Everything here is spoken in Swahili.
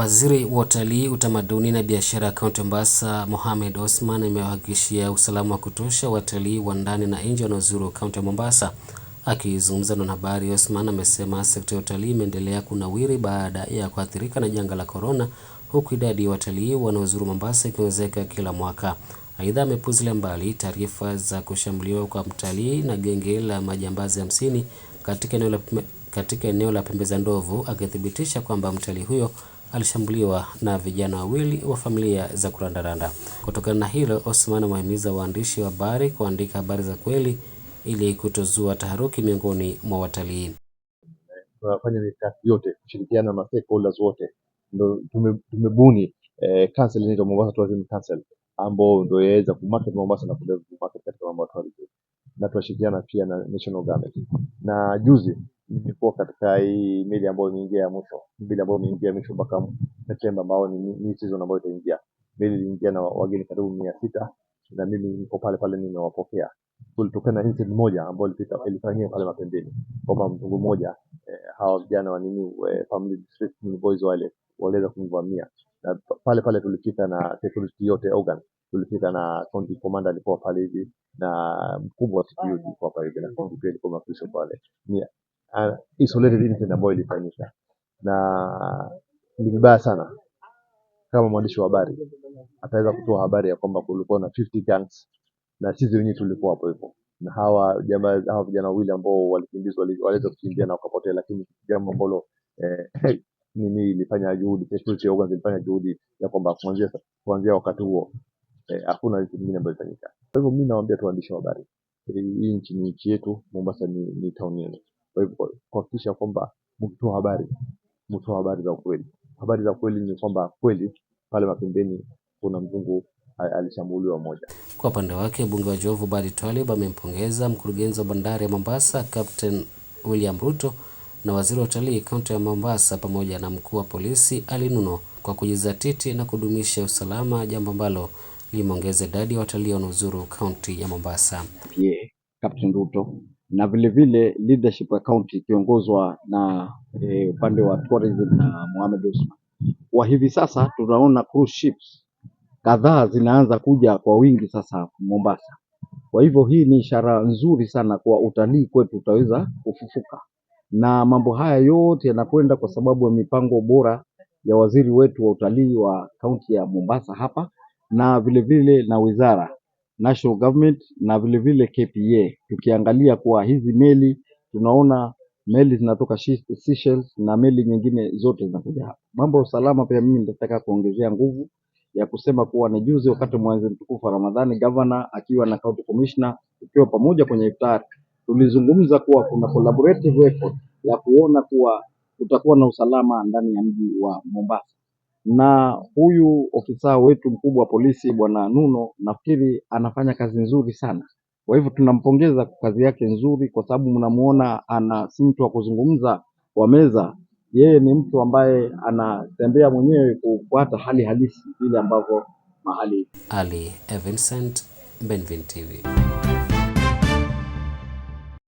Waziri wa Utalii, Utamaduni na Biashara ya Kaunti Mombasa, Mohamed Osman amewahakikishia usalama wa kutosha watalii wa ndani na nje wanaozuru kaunti ya Mombasa. Akizungumza na wanahabari, Osman amesema sekta ya utalii imeendelea kunawiri baada ya kuathirika na janga la korona, huku idadi ya watalii wanaozuru Mombasa ikiongezeka kila mwaka. Aidha, amepuzilia mbali taarifa za kushambuliwa kwa mtalii na genge la majambazi hamsini katika eneo la pembe za ndovu, akithibitisha kwamba mtalii huyo alishambuliwa na vijana wawili wa familia za kurandaranda. Kutokana na hilo, Osman amehimiza waandishi wa habari kuandika habari za kweli ili kutozua taharuki miongoni mwa watalii. Tunafanya mikakati yote kushirikiana na ma stakeholders wote, ndo tumebuni eh, council inaitwa Mombasa Tourism Council ambao ndio yaweza kumarket Mombasa na kumarket katika mambo ya tourism, na tunashirikiana pia na National Government na juzi tulikuwa katika hii mili ambayo imeingia ya mwisho, mili ambayo imeingia mwisho mpaka Septemba ambao ni ni season ambayo itaingia. Mili iliingia na wageni karibu mia sita na mimi niko pale pale nimewapokea. Tulitokana na incident moja ambayo ilifanyika pale mapembeni kwamba mtungu mmoja eh, hawa vijana wa nini eh, family district ni boys wale waliweza kumvamia na pale pale tulifika na security yote organ tulifika na county commander alikuwa pale hivi na mkubwa wa security kwa pale na county pia alikuwa mafisho pale uh, isolated incident ambayo ilifanyika, na ni vibaya sana kama mwandishi wa habari ataweza kutoa habari ya kwamba kulikuwa na 50 gangs na sisi wenyewe tulikuwa hapo hivyo, na hawa jamaa hawa vijana wawili ambao walikimbizwa waliweza kukimbia na wakapotea, lakini jambo ambalo eh, mimi nilifanya juhudi security organs ilifanya juhudi ya kwamba kuanzia kuanzia wakati huo eh, hakuna eh, vitu vingine ambavyo vilifanyika. Kwa hivyo mimi naomba tuandishe habari, eh, hii nchi ni nchi yetu, Mombasa ni, ni town yetu kwa hivyo kuhakikisha kwamba mkitoa habari, mtoa habari za ukweli. Habari za kweli ni kwamba kweli pale mapembeni kuna mzungu alishambuliwa moja. Kwa upande wake mbunge wa Jomvu Badi Twalib amempongeza mkurugenzi wa bandari ya Mombasa Captain William Ruto na waziri wa utalii kaunti ya Mombasa pamoja na mkuu wa polisi Ali Nuno kwa kujizatiti na kudumisha usalama, jambo ambalo limeongeza idadi ya watalii wanaozuru kaunti ya Mombasa. Captain Ruto na vilevile leadership account ikiongozwa na e, upande e, wa tourism na Mohamed Usman. Kwa hivi sasa tunaona cruise ships kadhaa zinaanza kuja kwa wingi sasa Mombasa. Kwa hivyo hii ni ishara nzuri sana kwa utalii kwetu utaweza kufufuka, na mambo haya yote yanakwenda kwa sababu ya mipango bora ya waziri wetu wa utalii wa kaunti ya Mombasa hapa na vilevile vile na wizara national government na vilevile KPA. Tukiangalia kwa hizi meli tunaona meli zinatoka Seychelles na meli nyingine zote zinakuja hapa. Mambo ya usalama pia, mimi nitataka kuongezea nguvu ya kusema kuwa ni juzi, wakati mwezi mtukufu wa Ramadhani, governor akiwa na county commissioner, tukiwa pamoja kwenye iftar, tulizungumza kuwa kuna collaborative effort ya kuona kuwa kutakuwa na usalama ndani ya mji wa Mombasa na huyu ofisa wetu mkubwa wa polisi bwana Nuno, nafikiri anafanya kazi nzuri sana. Kwa hivyo tunampongeza kwa kazi yake nzuri, kwa sababu mnamuona ana si mtu wa kuzungumza kwa meza, yeye ni mtu ambaye anatembea mwenyewe kufuata hali halisi vile ambavyo mahali. Ali Evincent, Benvin TV.